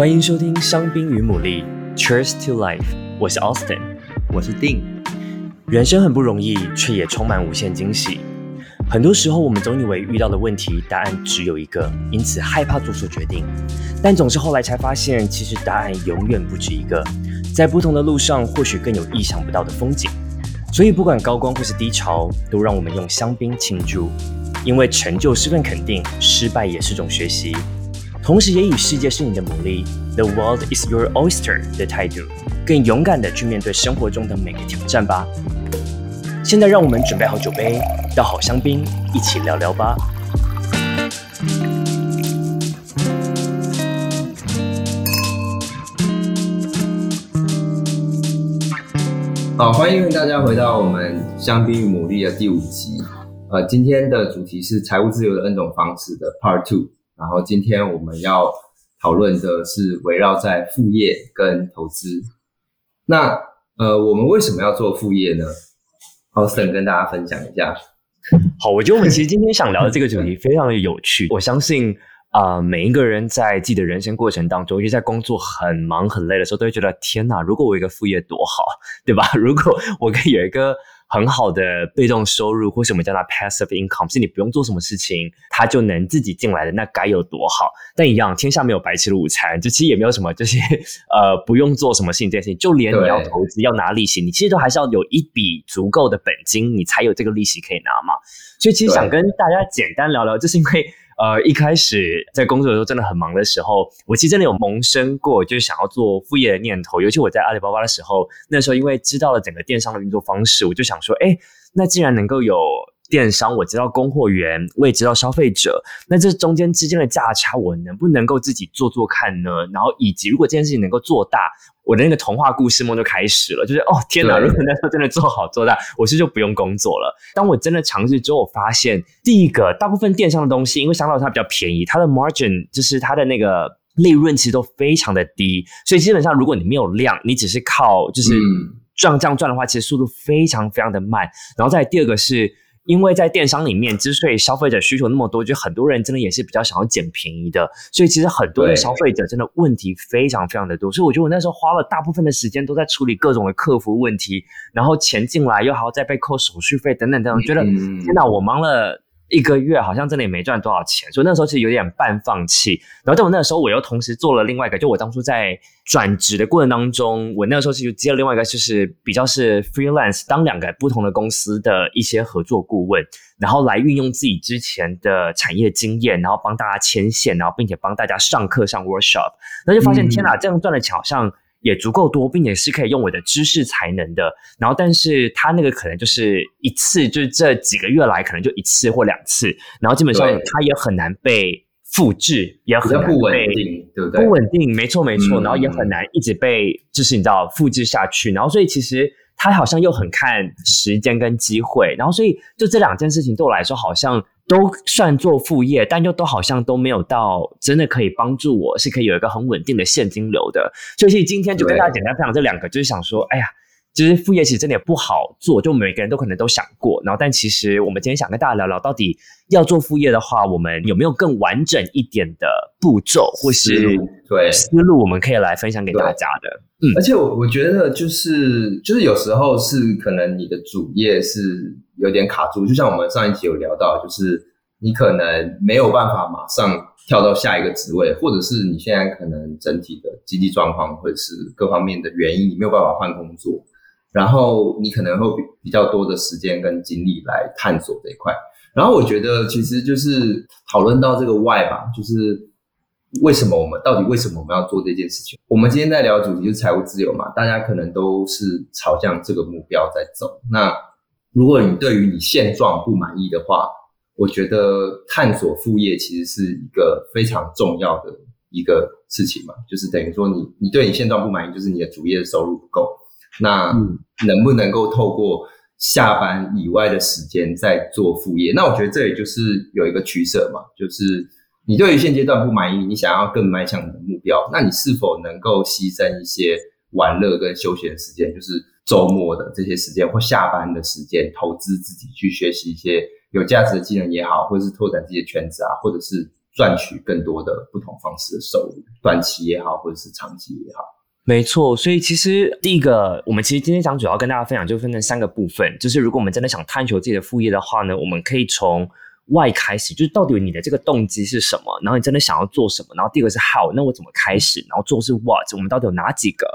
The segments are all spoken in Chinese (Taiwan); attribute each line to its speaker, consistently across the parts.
Speaker 1: 歡迎收聽香檳與牡蠣，Cheers to life！我是 Austin，我是 Ding。人生很不容易，卻也充滿無限驚喜。很多時候，我們總以為遇到的問題答案只有一個，因此害怕做出決定。但總是後來才發現，其實答案永遠不止一個。在不同的路上，或許更有意想不到的風景。所以，不管高光或是低潮，都讓我們用香檳慶祝，因為成就是份肯定，失敗也是種學習。同時，也與世界是你的牡蠣，The world is your oyster” 的態度，更勇敢地去面對生活中的每個挑戰吧。現在，讓我們準備好酒杯，倒好香檳，一起聊聊吧。
Speaker 2: 好，歡迎大家回到我們《香檳與牡蠣》的第五集。呃，今天的主題是“財務自由的 N 種方式”的 Part Two。然後今天我們要討論的是圍繞在副業跟投資。那呃，我們為什麼要做副業呢？阿盛跟大家分享一下。
Speaker 1: 好，我覺得我們其實今天想聊的這個主題非常的有趣。 我相信啊、呃，每一個人在自己的人生過程當中，尤其在工作很忙很累的時候，都會覺得天哪，如果我有一個副業多好，對吧？如果我可以有一個。很好的被動收入，或是我們叫它 passive income，是你不用做什麼事情，它就能自己進來的，那該有多好？但一樣，天下沒有白吃的午餐，就其實也沒有什麼，就是呃，不用做什麼事情，這件事，就連你要投資對要拿利息，你其實都還是要有一筆足夠的本金，你才有這個利息可以拿嘛。所以其實想跟大家簡單聊聊，對就是因為。呃，一開始在工作的時候真的很忙的時候，我其實真的有萌生過，就是想要做副業的念頭。尤其我在阿里巴巴的時候，那時候因為知道了整個電商的運作方式，我就想說，哎，那既然能夠有。電商，我知道供貨源，我也知道消費者，那這中間之間的價差，我能不能夠自己做做看呢？然後，以及如果這件事情能夠做大，我的那個童話故事夢就開始了，就是哦，天哪！對如果那時候真的做好做大，我是不是就不用工作了？當我真的嘗試之後，我發現第一個，大部分電商的東西，因為相當它比較便宜，它的 margin 就是它的那個利潤其實都非常的低，所以基本上如果你沒有量，你只是靠就是賺這樣賺的話，其實速度非常非常的慢。然後再第二個是。因為在電商裡面，之所以消費者需求那麼多，就很多人真的也是比較想要撿便宜的，所以其實很多的消費者真的問題非常非常的多，所以我覺得我那時候花了大部分的時間都在處理各種的客服問題，然後錢進來又還要再被扣手續費等等等等，覺得天哪，我忙了。一個月好像真的也沒賺多少錢，所以那時候其實有點半放棄。然後在我那個時候，我又同時做了另外一個，就我當初在轉職的過程當中，我那個時候其實接了另外一個，就是比較是 freelance，當兩個不同的公司的一些合作顧問，然後來運用自己之前的產業經驗，然後幫大家牽線，然後並且幫大家上課上 workshop，那就發現、嗯、天哪，這樣賺的錢好像。也足夠多，並且是可以用我的知識才能的。然後，但是他那個可能就是一次，嗯、就是這幾個月來可能就一次或兩次。然後基本上他也很難被複製，對也很不穩定，對不對？不穩定，沒錯沒錯。嗯、然後也很難一直被，就是你知道，複製下去。然後所以其實。他好像又很看時間跟機會，然後所以就這兩件事情對我來說好像都算做副業，但又都好像都沒有到真的可以幫助我，是可以有一個很穩定的現金流的。所以今天就跟大家簡單分享這兩個，對就是想說，哎呀。其實副業其實真的也不好做，就每個人都可能都想過，然後但其實我們今天想跟大家聊聊，到底要做副業的話，我們有沒有更完整一點的步驟或是對思路，對，思路我們可以來分享給大家的。對嗯，
Speaker 2: 而且我我覺得就是就是有時候是可能你的主業是有點卡住，就像我們上一集有聊到，就是你可能沒有辦法馬上跳到下一個職位，或者是你現在可能整體的經濟狀況或者是各方面的原因，你沒有辦法換工作。然後你可能會比比較多的時間跟精力來探索這一塊。然後我覺得其實就是討論到這個 why 吧，就是為什麼我們到底為什麼我們要做這件事情？我們今天在聊主題就是財務自由嘛，大家可能都是朝向這個目標在走。那如果你對於你現狀不滿意的話，我覺得探索副業其實是一個非常重要的一個事情嘛，就是等於說你你對你現狀不滿意，就是你的主業的收入不夠。那嗯，能不能夠透過下班以外的時間再做副業？那我覺得這裡就是有一個取捨嘛，就是你對於現階段不滿意，你想要更邁向你的目標，那你是否能夠犧牲一些玩樂跟休閒時間，就是周末的這些時間或下班的時間，投資自己去學習一些有價值的技能也好，或者是拓展自己的圈子啊，或者是賺取更多的不同方式的收入，短期也好，或者是長期也好。
Speaker 1: 沒錯，所以其實第一個，我們其實今天想主要跟大家分享，就分成三個部分，就是如果我們真的想探求自己的副業的話呢，我們可以從 why 開始，就是到底你的這個動機是什麼，然後你真的想要做什麼，然後第二個是 how，那我怎麼開始，然後做是 what，我們到底有哪幾個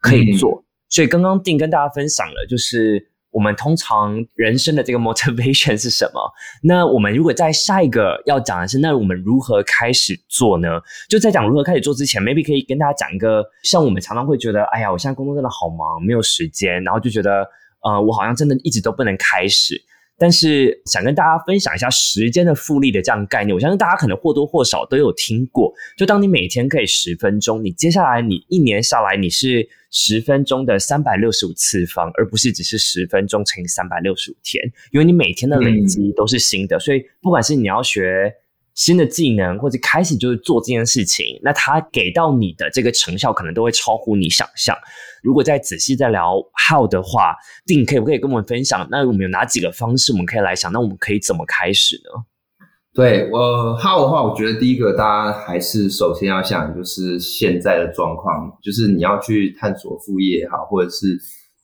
Speaker 1: 可以做？嗯、所以剛剛定跟大家分享了，就是。我們通常人生的這個 motivation 是什麼？那我們如果在下一個要講的是，那我們如何開始做呢？就在講如何開始做之前，maybe 可以跟大家講一個，像我們常常會覺得，哎呀，我現在工作真的好忙，沒有時間，然後就覺得，呃，我好像真的一直都不能開始。但是想跟大家分享一下時間的複利的這樣的概念，我相信大家可能或多或少都有聽過。就當你每天可以十分鐘，你接下來你一年下來你是十分鐘的三百六十五次方，而不是只是十分鐘乘以三百六十五天，因為你每天的累積都是新的，嗯，所以不管是你要學。新的技能，或者開始就是做這件事情，那他給到你的這個成效，可能都會超乎你想象如果再仔細再聊 how 的話，定，可以不可以跟我們分享？那我們有哪幾個方式我們可以來想？那我們可以怎麼開始呢？
Speaker 2: 對，我 how 的話，我覺得第一個大家還是首先要想，就是現在的狀況，就是你要去探索副業也好，或者是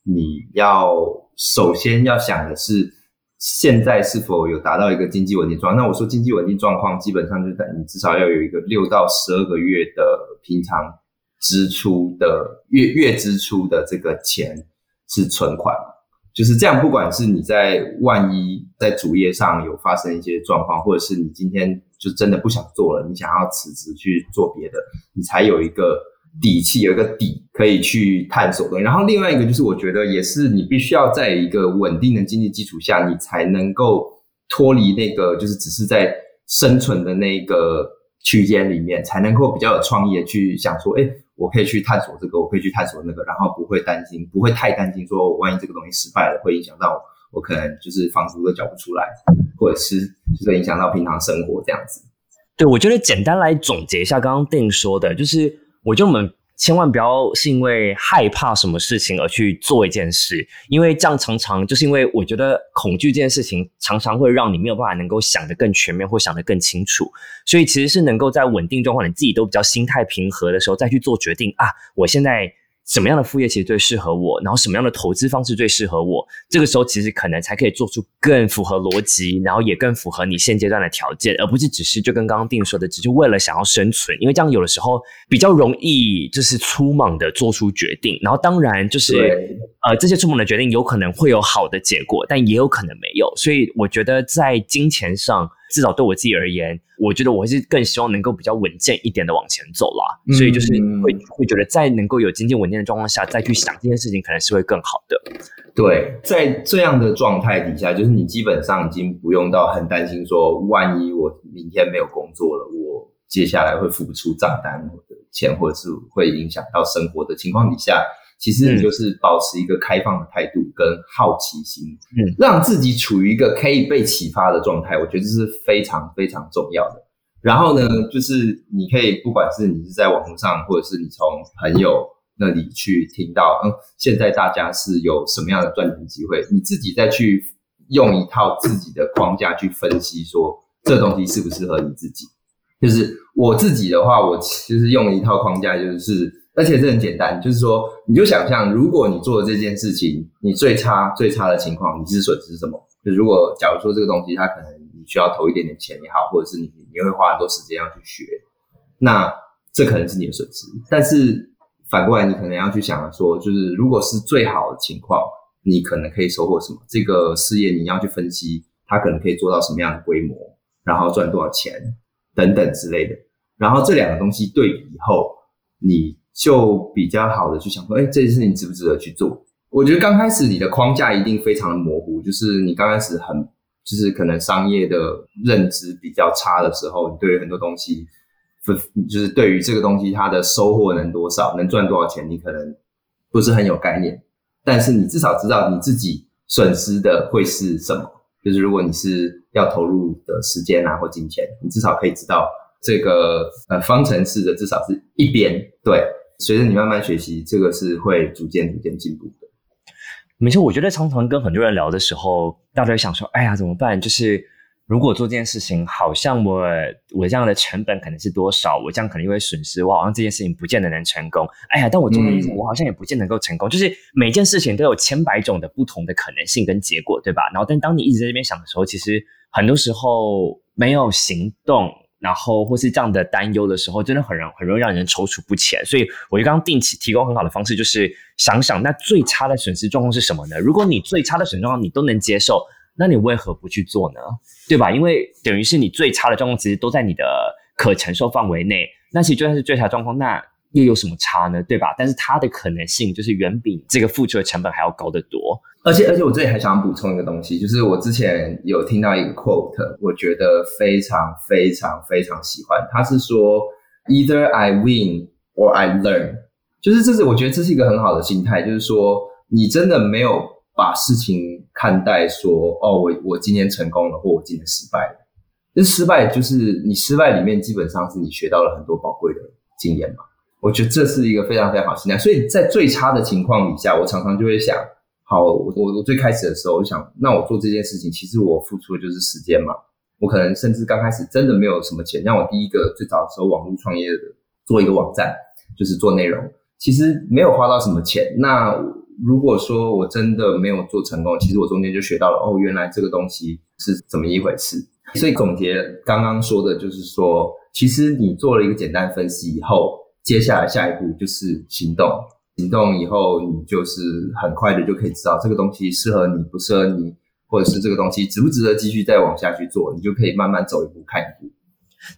Speaker 2: 你要首先要想的是現在是否有達到一個經濟穩定狀況？那我說經濟穩定狀況，基本上就等，你至少要有一個六到十二個月的平常支出的月月支出的這個錢是存款，就是這樣。不管是你在萬一在主業上有發生一些狀況，或者是你今天就真的不想做了，你想要辭職去做別的，你才有一個。底氣，有一個底，可以去探索的。然後另外一個就是我覺得也是你必須要在一個穩定的經濟基礎下，你才能夠脫離那個就是只是在生存的那個區間裡面，才能夠比較有創意的去想說，哎，我可以去探索這個，我可以去探索那個，然後不會擔心，不會太擔心說，萬一這個東西失敗了，會影響到我，我可能就是房租都繳不出來，或者是就是影響到平常生活這樣子。
Speaker 1: 對，我覺得簡單來總結一下剛剛 Dean 說的就是。我覺得我們千萬不要是因為害怕什麼事情而去做一件事，因為這樣常常，就是因為我覺得恐懼這件事情常常會讓你沒有辦法能夠想得更全面或想得更清楚，所以其實是能夠在穩定狀況，你自己都比較心態平和的時候再去做決定啊。我現在。什麼樣的副業其實最適合我？然後什麼樣的投資方式最適合我？這個時候其實可能才可以做出更符合邏輯，然後也更符合你現階段的條件，而不是只是就跟剛剛定說的，只是為了想要生存。因為這樣有的時候比較容易就是匆忙的做出決定，然後當然就是對呃、這些匆忙的決定有可能會有好的結果，但也有可能沒有。所以我覺得在金錢上。至少對我自己而言，我覺得我是更希望能夠比較穩健一點的往前走啦。嗯、所以就是會會覺得，在能夠有經濟穩定的狀況下，再去想這件事情，可能是會更
Speaker 2: 好的。對，在這樣的狀態底下，就是你基本上已經不用到很擔心說，萬一我明天沒有工作了，我接下來會付不出賬單或者錢，或者是會影響到生活的情況底下。其實你就是保持一個開放的態度跟好奇心，嗯，讓自己處於一個可以被啟發的狀態，我覺得這是非常非常重要的。然後呢，就是你可以不管是你是在網路上，或者是你從朋友那裡去聽到，嗯，現在大家是有什麼樣的賺錢機會，你自己再去用一套自己的框架去分析說，說這東西適不適合你自己。就是我自己的話，我其實用一套框架就是。而且這很簡單，就是說，你就想象，如果你做這件事情，你最差最差的情況，你的損失是什麼？就如果假如說這個東西它可能你需要投一點點錢也好，或者是你你會花很多時間要去學，那這可能是你的損失。但是反過來，你可能要去想說，就是如果是最好的情況，你可能可以收穫什麼？這個事業你要去分析，它可能可以做到什麼樣的規模，然後賺多少錢等等之類的。然後這兩個東西對比以後你，就比較好的去想說，哎，這件事情值不值得去做？我覺得剛開始你的框架一定非常的模糊，就是你剛開始很，就是可能商業的認知比較差的時候，你對於很多東西，就是對於這個東西它的收穫能多少，能賺多少錢，你可能不是很有概念。但是你至少知道你自己損失的會是什麼，就是如果你是要投入的時間啊或金錢，你至少可以知道這個呃方程式，的至少是一邊，對。隨着你慢慢學習，這個是會逐漸逐漸進步的。
Speaker 1: 沒錯，我覺得常常跟很多人聊的時候，大家會想說：“哎呀，怎麼辦？就是如果做這件事情，好像我我這樣的成本可能是多少，我這樣可能會損失，我好像這件事情不見得能成功。哎呀，但我做的，我好像也不見得能夠成功。嗯、就是每件事情都有千百種的不同的可能性跟結果，對吧？然後，但當你一直在這邊想的時候，其實很多時候沒有行動。然後或是這樣的擔憂的時候，真的很容很容易讓人躊躇不前。所以，我就剛剛定期提供很好的方式，就是想想那最差的損失狀況是什麼呢？如果你最差的損失狀況你都能接受，那你為何不去做呢？對吧？因為等於是你最差的狀況其實都在你的可承受範圍內。那其實就算是最差的狀況，那又有什麼差呢？對吧？但是它的可能性就是遠比這個付出的成本還要
Speaker 2: 高得多。而且而且，而且我這裡還想補充一個東西，就是我之前有聽到一個 quote，我覺得非常非常非常喜歡。他是說，Either I win or I learn。就是這是我覺得這是一個很好的心態，就是說你真的沒有把事情看待說哦，我我今天成功了，或我今天失敗了。其實失敗就是你失敗裡面基本上是你學到了很多寶貴的經驗嘛。我覺得這是一個非常非常好的心態。所以在最差的情況底下，我常常就會想。好，我我最開始的時候，我想，那我做這件事情，其實我付出的就是時間嘛。我可能甚至剛開始真的沒有什麼錢。像我第一個最早的時候，網絡創業的做一個網站，就是做內容，其實沒有花到什麼錢。那如果說我真的沒有做成功，其實我中間就學到了，哦，原來這個東西是怎麼一回事。所以總結剛剛說的，就是說，其實你做了一個簡單分析以後，接下來下一步就是行動。行動以後，你就是很快的就可以知道這個東西適合你不適合你，或者是這個東西值不值得繼續再往下去做，你就可以慢慢走一步看一步。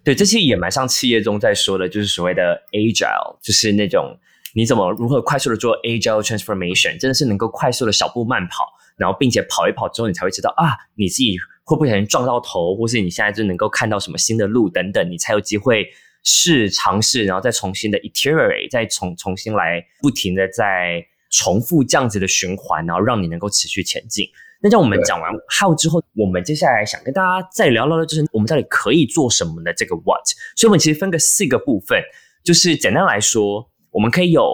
Speaker 2: 對，這些也蠻像企業中在說的，就是所謂的
Speaker 1: Agile，就是那種你怎麼如何快速的做 Agile Transformation，真的是能夠快速的小步慢跑，然後並且跑一跑之後，你才會知道啊，你自己會不會很撞到頭，或是你現在就能夠看到什麼新的路等等，你才有機會。試嘗試，然後再重新的 iterate，再重重新來，不停的在重複這樣子的循環，然後讓你能夠持續前進。那在我們講完 how 之後，對我們接下來想跟大家再聊聊的就是我們到底可以做什麼的這個 what。所以我們其實分個四個部分，就是簡單來說，我們可以有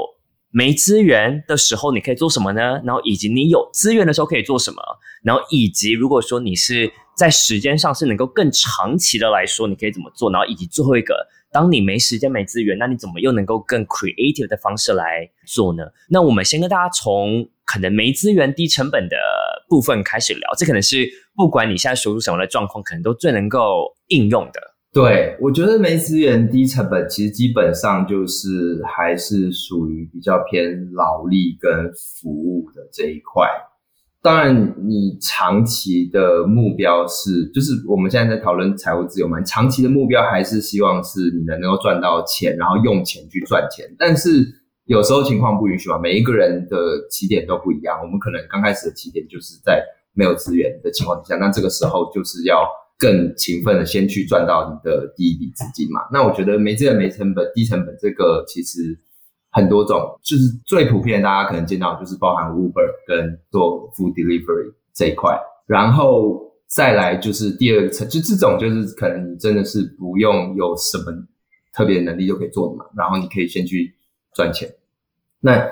Speaker 1: 沒資源的時候你可以做什麼呢？然後以及你有資源的時候可以做什麼？然後以及如果說你是在時間上是能夠更長期的來說，你可以怎麼做？然後以及最後一個。當你沒時間、沒資源，那你怎麼又能夠更 creative 的方式來做呢？那我們先跟大家從可能沒資源、低成本的部分開始聊，這可能是不管你現在處於什麼的狀況，可能都最能夠應用的。
Speaker 2: 對，我覺得沒資源、低成本，其實基本上就是還是屬於比較偏勞力跟服務的這一塊。當然，你長期的目標是，就是我們現在在討論財務自由嘛。長期的目標還是希望是你能夠賺到錢，然後用錢去賺錢。但是有時候情況不允許嘛，每一個人的起點都不一樣。我們可能剛開始的起點就是在沒有資源的情況之下，那這個時候就是要更勤奮的先去賺到你的第一筆資金嘛。那我覺得沒資源、沒成本、低成本這個其實。很多種，就是最普遍的大家可能見到就是包含 Uber 跟做 food delivery 這一塊，然後再來就是第二個層，就這種就是可能你真的是不用有什麼特別的能力就可以做的嘛，然後你可以先去賺錢。那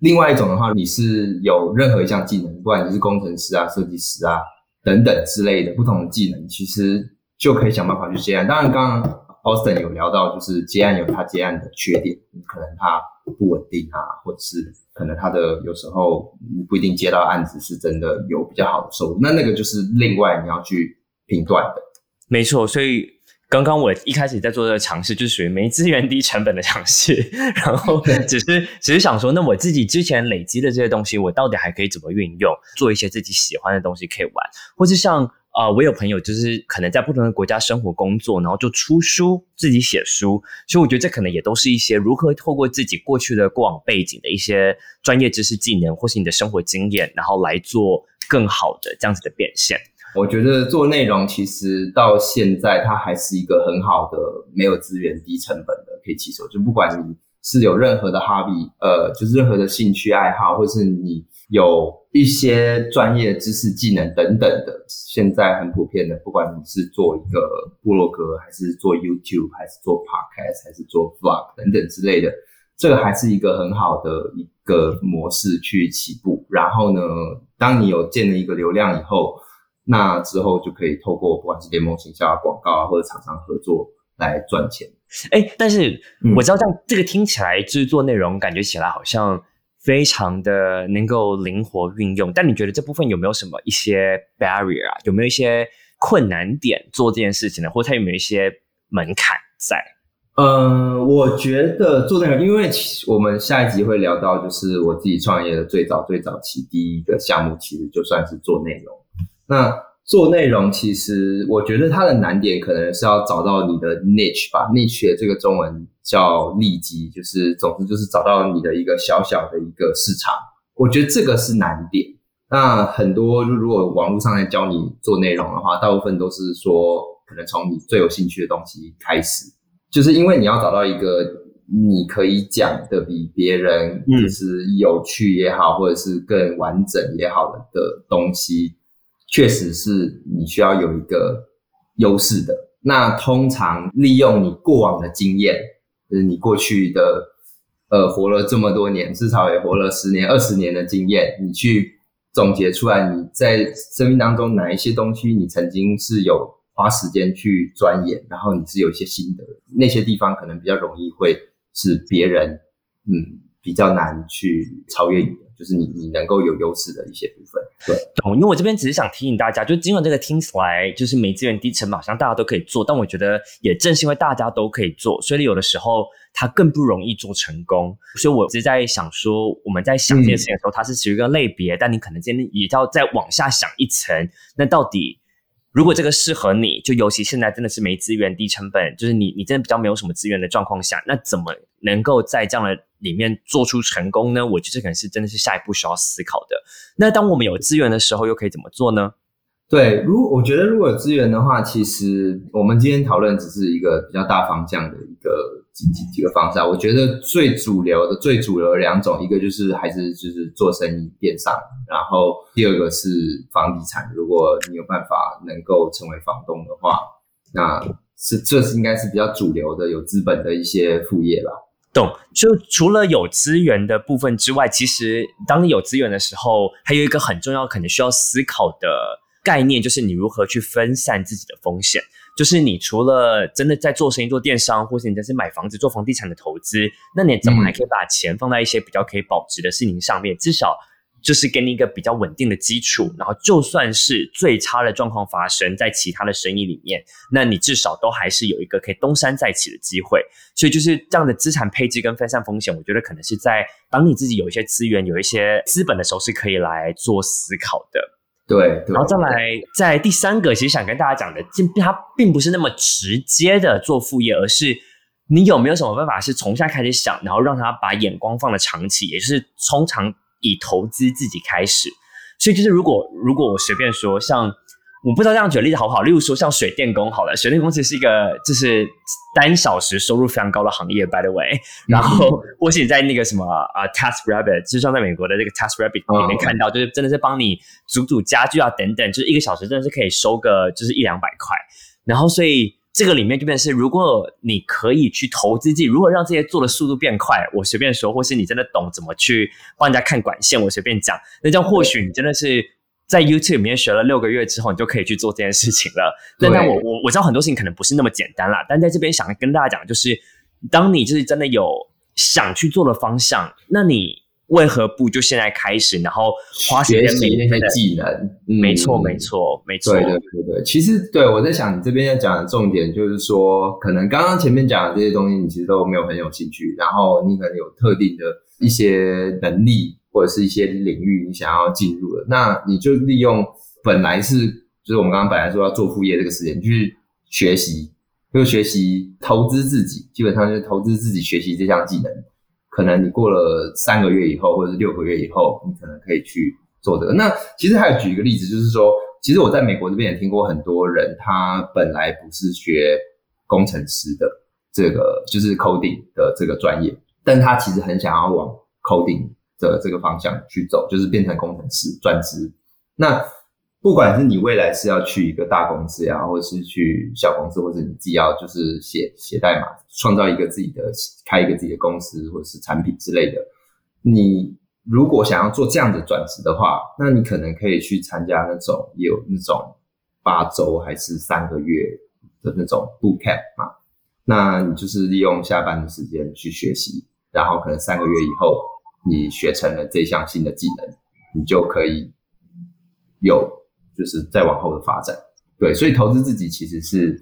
Speaker 2: 另外一種的話，你是有任何一項技能，不管你是工程師啊、設計師啊等等之類的不同的技能，其實就可以想辦法去接案。當然，剛剛。Austin 有聊到，就是接案有他接案的缺點，可能他不穩定啊，或者是可能他的有時候不一定接到案子是真的有比較好的收入，那那個就是另外你要去評斷的。沒錯，所以剛剛我一開始在做的嘗試，就是屬於沒資源、低成本的嘗
Speaker 1: 試，然後只是 只是想說，那我自己之前累積的這些東西，我到底還可以怎麼運用，做一些自己喜歡的東西可以玩，或是像。啊、呃，我有朋友就是可能在不同的國家生活工作，然後就出書自己寫書，所以我覺得這可能也都是一些如何透過自己過去的過往背景的一些專業知識、技能，或是你的生活經
Speaker 2: 驗，然後來做更好的這樣子的變現。我覺得做內容其實到現在它還是一個很好的、沒有資源、低成本的可以起手，就不管你是有任何的 hobby 呃，就是任何的興趣愛好，或是你有。一些專業知識、技能等等的，現在很普遍的，不管你是做一個部落格，還是做 YouTube，還是做 Podcast，還是做 Vlog 等等之類的，這個還是一個很好的一個模式去起步。嗯、然後呢，當你有建立一個流量以後，那之後就可以透過不管是聯盟行銷啊、廣告啊，或者廠商合作來賺錢。哎，但是、
Speaker 1: 嗯、我知道，這樣這個聽起來製作、就是、內容，感覺起來好像。非常的能夠靈活運用，但你覺得這部分有沒有什麼一些 barrier 啊？有沒有一些困難點做這件事情呢？或者它有沒有一些門檻在？
Speaker 2: 嗯、呃，我覺得做內容，因為我們下一集會聊到，就是我自己創業的最早最早期第一個項目，其實就算是做內容。那做內容，其實我覺得它的難點可能是要找到你的 niche 吧，niche 的這個中文。叫利基，就是總之就是找到你的一個小小的一個市場，我覺得這個是難點。那很多如果網絡上來教你做內容的話，大部分都是說可能從你最有興趣的東西開始，就是因為你要找到一個你可以講的比別人就是有趣也好，嗯，或者是更完整也好的東西，確實是你需要有一個優勢的。那通常利用你過往的經驗。你過去的，呃，活了這麼多年，至少也活了十年、二十年的經驗，你去總結出來，你在生命當中哪一些東西，你曾經是有花時間去鑽研，然後你是有一些心得，那些地方可能比較容易會使別人，嗯，比較難去超越你。就是你，你能夠有優勢的一些部分，對，
Speaker 1: 因為我這邊只是想提醒大家，就儘管這個聽起來就是沒資源、低成本，好像大家都可以做。但我覺得也正是因為大家都可以做，所以有的時候它更不容易做成功。所以我只是在想說，我們在想這件事情的時候，它是屬於一個類別，嗯、但你可能真的也要再往下想一層。那到底如果這個適合你，就尤其現在真的是沒資源、低成本，就是你你真的比較沒有什麼資源的狀況下，那怎麼能夠在這樣的？裡面做出成功呢？我覺得這可能是真的是下一步需要思考的。那當我們有資源的時候，又可以怎麼做呢？
Speaker 2: 對，如我覺得，如果有資源的話，其實我們今天討論只是一個比較大方向的一個幾幾幾個方向啊。我覺得最主流的、最主流的兩種，一個就是還是就是做生意、電商，然後第二個是房地產。如果你有辦法能夠成為房東的話，那是這是應該是比較主流的、有資本的一些副業吧。懂，就除了有資源的部分之外，其實當你有資源的時候，
Speaker 1: 還有一個很重要、可能需要思考的概念，就是你如何去分散自己的風險。就是你除了真的在做生意、做電商，或是你真的買房子、做房地產的投資，那你怎麼還可以把錢放在一些比較可以保值的事情上面？至少。就是給你一個比較穩定的基礎，然後就算是最差的狀況發生在其他的生意裡面，那你至少都還是有一個可以東山再起的機會。所以就是這樣的資產配置跟分散風險，我覺得可能是在當你自己有一些資源、有一些資本的時候，是可以來做思考的。對，對、嗯，然後再來在第三個，其實想跟大家講的，它並不是那麼直接的做副業，而是你有沒有什麼辦法是從現在開始想，然後讓他把眼光放得長期，也就是從長。以投資自己開始，所以就是如果如果我隨便說，像我不知道這樣舉例子好不好？例如說像水電工好了，水電工其實是一個就是單小時收入非常高的行業。By the way，嗯，然後我是在那個什麼啊，uh, Task Rabbit，就是在美國的那個 Task Rabbit 裡面看到，oh, okay. 就是真的是幫你組裝家具啊等等，就是一個小時真的是可以收個就是一兩百塊，然後所以。這個裡面就變成是，如果你可以去投資自己，如果讓這些做的速度變快，我隨便說，或是你真的懂怎麼去幫人家看管線，我隨便講，那這樣或許你真的是在 YouTube 裡面學了六個月之後，你就可以去做這件事情了。那那我我我知道很多事情可能不是那麼簡單啦，但在這邊想跟大家講，就是當你就是真的有想去做的方向，那你。為何不就現在開始，然後學習那些技能？沒錯，沒錯，
Speaker 2: 沒錯。對對對對，其實對，我在想你這邊要講的重點就是說，可能剛剛前面講的這些東西，你其實都沒有很有興趣，然後你可能有特定的一些能力或者是一些領域，你想要進入的，那你就利用本來是就是我們剛剛本來說要做副業這個時間，去學習，就學習投資自己，基本上就是投資自己學習這項技能。可能你過了三個月以後，或者是六個月以後，你可能可以去做這個。那其實還有舉一個例子，就是說，其實我在美國這邊也聽過很多人，他本來不是學工程師的這個，就是 coding 的這個專業，但他其實很想要往 coding 的這個方向去走，就是變成工程師專職。那不管是你未來是要去一個大公司，啊，呀，或者是去小公司，或者是你自己要就是寫寫代碼，創造一個自己的開一個自己的公司或者是產品之類的，你如果想要做這樣的轉職的話，那你可能可以去參加那種也有那種八週還是三個月的那種 bootcamp 嘛，那你就是利用下班的時間去學習，然後可能三個月以後你學成了這項新的技能，你就可以有。就是再往後的發展，對，所以投資自己其實是，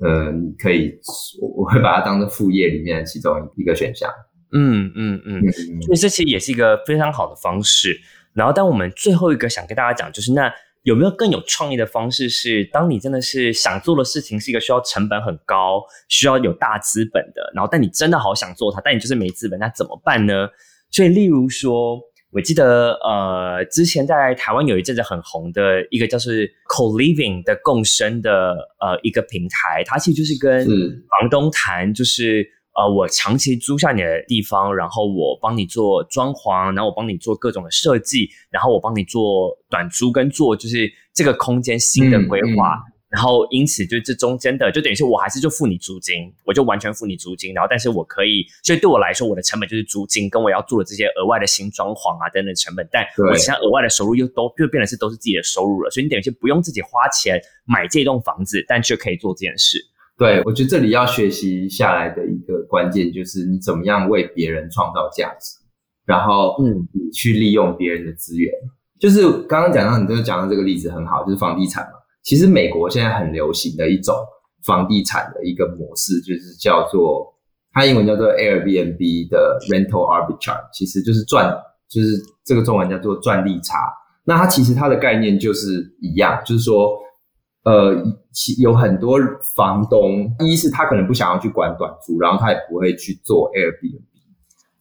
Speaker 2: 呃，可以，我會把它當成副業裡面的其中一個選項。嗯，
Speaker 1: 嗯嗯嗯，嗯，所以
Speaker 2: 這其實也是一個非常好的方式。然後，但我們最
Speaker 1: 後一個想跟大家講，就是那有沒有更有創意的方式？是當你真的是想做的事情，是一個需要成本很高，需要有大資本的，然後但你真的好想做它，但你就是沒資本，那怎麼辦呢？所以，例如說。我記得，呃，之前在台灣有一陣子很紅的一個叫做 co-living 的共生的呃一個平台，它其實就是跟房東談，就是呃我長期租下你的地方，然後我幫你做裝潢，然後我幫你做各種的設計，然後我幫你做短租跟做就是這個空間新的規劃。嗯嗯然後，因此就這中間的，就等於是我還是就付你租金，我就完全付你租金。然後，但是我可以，所以對我來說，我的成本就是租金，跟我要做的這些額外的新裝潢啊等等成本，但我其他額外的收入又都就變成是都是自己的收入了。所以你等於是不用自己花錢買這棟房子，但卻可以
Speaker 2: 做這件事。對，我覺得這裡要學習下來的一個關鍵就是你怎麼樣為別人創造價值，然後嗯，你去利用別人的資源。就是剛剛講到你這個講到這個例子很好，就是房地產嘛。其實美國現在很流行的一種房地產的一個模式，就是叫做它英文叫做 Airbnb 的 Rental Arbitrage，其實就是賺，就是這個中文叫做賺利差。那它其實它的概念就是一樣，就是說，呃，其有很多房東，一是他可能不想要去管短租，然後他也不會去做 Airbnb，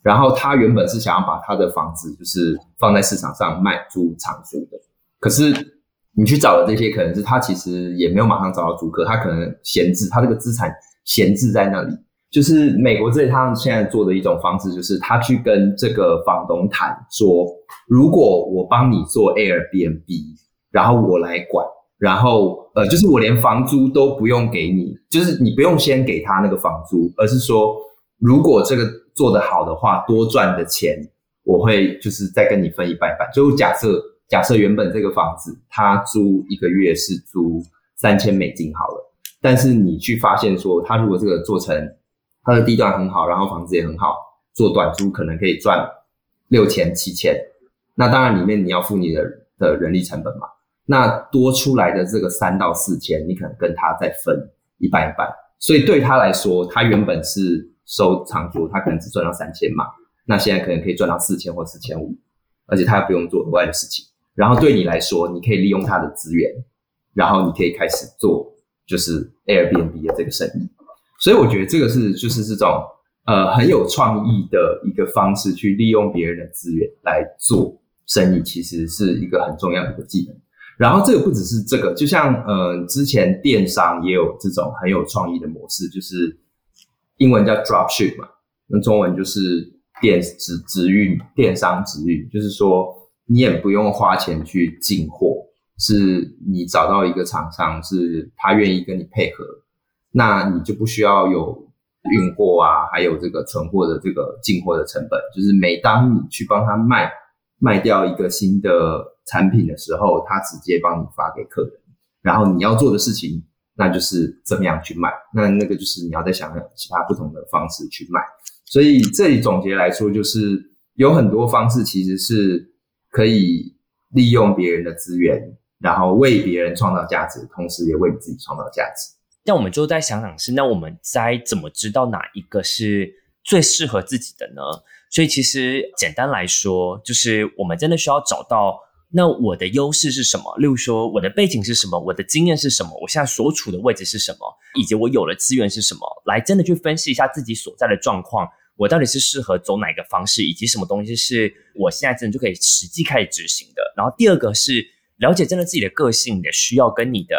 Speaker 2: 然後他原本是想要把他的房子就是放在市場上賣租長租的，可是。你去找的這些可能是他其實也沒有馬上找到租客，他可能閒置，他這個資產閒置在那裡。就是美國這一趟現在做的一種方式，就是他去跟這個房東談說，如果我幫你做 Airbnb，然後我來管，然後呃，就是我連房租都不用給你，就是你不用先給他那個房租，而是說如果這個做得好的話，多賺的錢我會就是再跟你分一半半。就假設。假設原本這個房子他租一個月是租三千美金好了，但是你去發現說他如果這個做成他的地段很好，然後房子也很好，做短租可能可以賺六千七千。那當然裡面你要付你的的人力成本嘛，那多出來的這個三到四千，你可能跟他再分一半一半。所以對他來說，他原本是收長租，他可能只賺到三千嘛，那現在可能可以賺到四千或四千五，而且他不用做額外的事情。然後對你來說，你可以利用他的資源，然後你可以開始做就是 Airbnb 的這個生意。所以我覺得這個是就是這種呃很有創意的一個方式，去利用別人的資源來做生意，其實是一個很重要的一個技能。然後這個不只是這個，就像呃之前電商也有這種很有創意的模式，就是英文叫 Dropship 嘛，那中文就是電直直運，電商直運，就是說。你也不用花錢去進貨，是你找到一個廠商，是他願意跟你配合，那你就不需要有運貨啊，還有這個存貨的這個進貨的成本。就是每當你去幫他賣賣掉一個新的產品的時候，他直接幫你發給客人，然後你要做的事情，那就是怎麼樣去賣。那那個就是你要再想想其他不同的方式去賣。所以這裡總結來說，就是有很多方式其實是，可以利用別人的資源，然後為別人創造價值，同時也為自己創造價值。
Speaker 1: 那我們就在想想是，那我們該怎麼知道哪一個是最適合自己的呢？所以其實簡單來說，就是我們真的需要找到，那我的優勢是什麼？例如說我的背景是什麼？我的經驗是什麼？我現在所處的位置是什麼？以及我有的資源是什麼，來真的去分析一下自己所在的狀況。我到底是適合走哪個方式，以及什麼東西是我現在真的就可以實際開始執行的？然後第二個是了解真的自己的個性，你的需要跟你的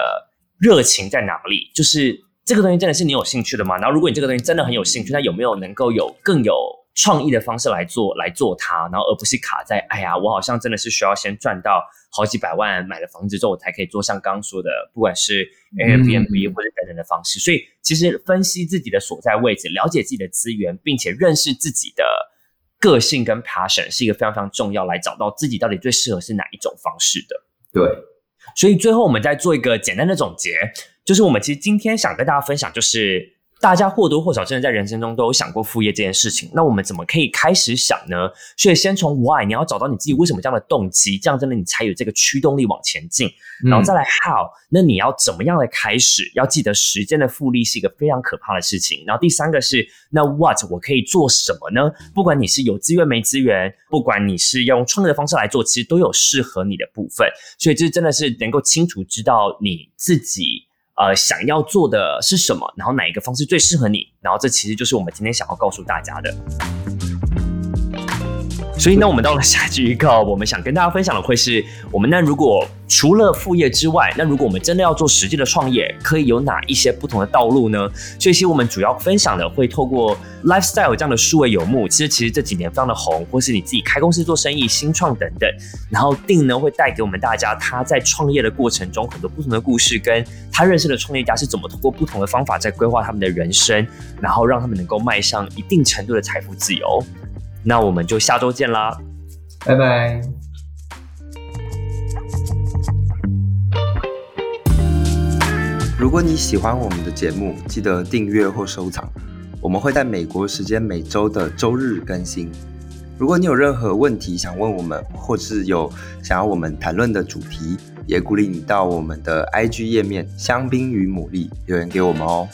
Speaker 1: 熱情在哪裡？就是這個東西真的是你有興趣的嗎？然後如果你這個東西真的很有興趣，那有沒有能夠有更有？創意的方式來做來做它，然後而不是卡在哎呀，我好像真的是需要先賺到好幾百萬買了房子之後，我才可以做像剛剛說的，不管是 Airbnb 或者等等的方式。嗯、所以其實分析自己的所在位置，了解自己的資源，並且認識自己的個性跟 passion 是一個非常非常重要，來找到自己到底最適合是哪一種方式的。對，所以最後我們再做一個簡單的總結，就是我們其實今天想跟大家分享就是。大家或多或少真的在人生中都有想過副業這件事情，那我們怎麼可以開始想呢？所以先從 why 你要找到你自己為什麼這樣的動機，這樣真的你才有這個驅動力往前進，嗯、然後再來 how 那你要怎麼樣的開始？要記得時間的複利是一個非常可怕的事情。然後第三個是那 what 我可以做什麼呢？不管你是有資源沒資源，不管你是用創業的方式來做，其實都有適合你的部分。所以這真的是能夠清楚知道你自己。呃，想要做的是什麼？然後哪一個方式最適合你？然後這其實就是我們今天想要告訴大家的。所以呢，那我們到了下集預告，我們想跟大家分享的會是我們那如果除了副業之外，那如果我們真的要做實際的創業，可以有哪一些不同的道路呢？所以，其實我們主要分享的會透過 lifestyle 這樣的數位遊牧。其實其實這幾年非常的紅，或是你自己開公司做生意，新創等等，然後定呢會帶給我們大家他在創業的過程中很多不同的故事，跟他認識的創業家是怎麼通過不同的方法在規劃他們的人生，然後讓他們能夠邁向一定程度的財富自由。那我們就下周見啦，
Speaker 2: 拜拜！如果你喜歡我們的節目，記得訂閱或收藏。我們會在美國時間每周的周日更新。如果你有任何問題想問我們，或是有想要我們談論的主題，也鼓勵你到我們的 IG 頁面“香檳與牡蠣”留言給我們哦。